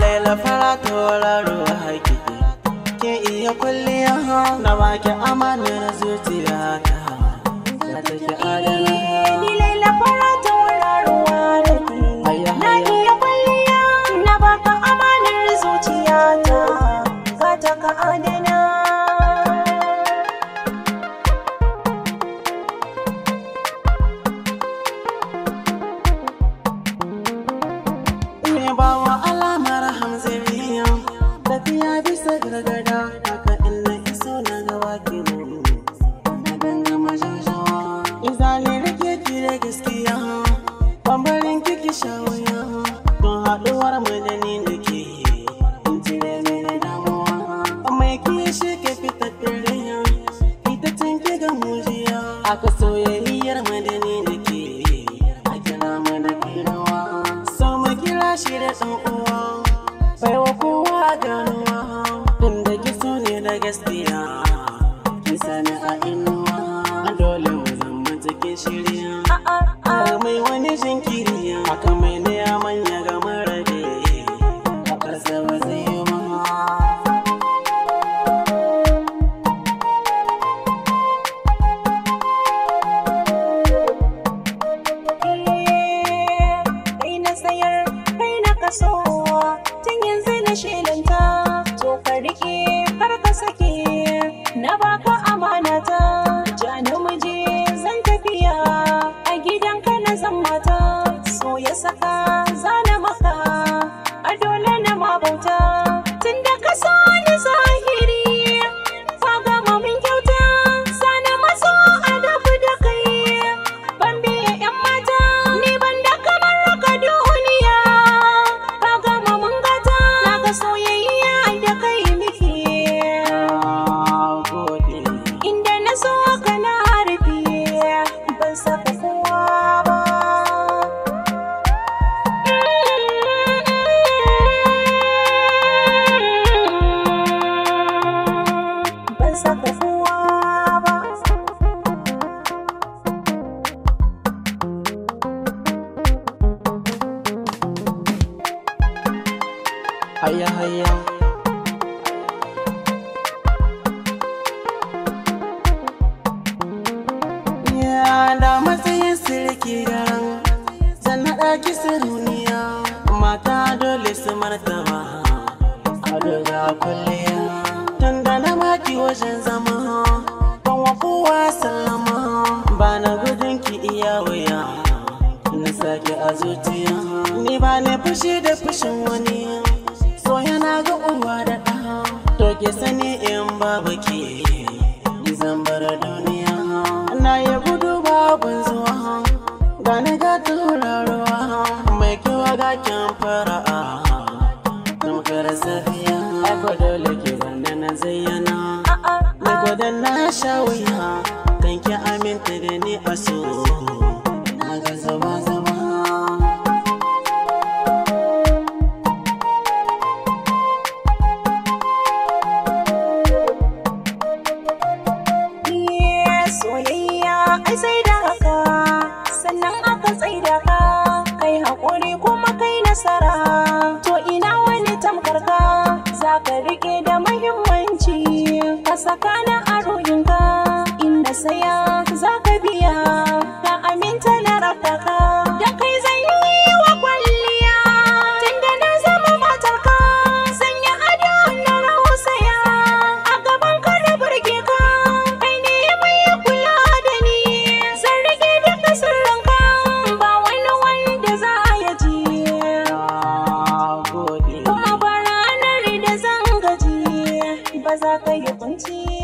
laila fara ruwa haƙiƙi ke iya kulliya na baki amanar zuciya ta haka in na iso na gawa ke mu na ganga majajawa izali rake ki da gaskiya bambarin kiki shawaya don haɗuwar mu da ni da ke in cire damuwa mai ki shi ke fitar da raya ita tun ki ga mujiya aka soyayyar mu da ni da ke a kira mu da kirawa so mu kira shi da ɗan uwa baiwa kowa ganuwa gaskiya sani a inuwa dole mu zama cikin shirya mai wani jinkiri haka mai essa casa. hayya hayya da matsayin sirki yaran zan haɗa ki mata dole su martaba a daga kwalliya tun da na maki wajen zama ban wa kowa sallama ba na gudun ki iya wuya na sake a zuciya ni ba ne fushi da fushin wani ki sani in babu ke zan bar duniya na ya gudu babun zuwa ga ni ga ruwa mai kiwa ga kyan fara'a tamkar safiya ko dole ki zanna na zayyana na gwadan na sha wuya kan ki aminta da ni a so za ka yi kunci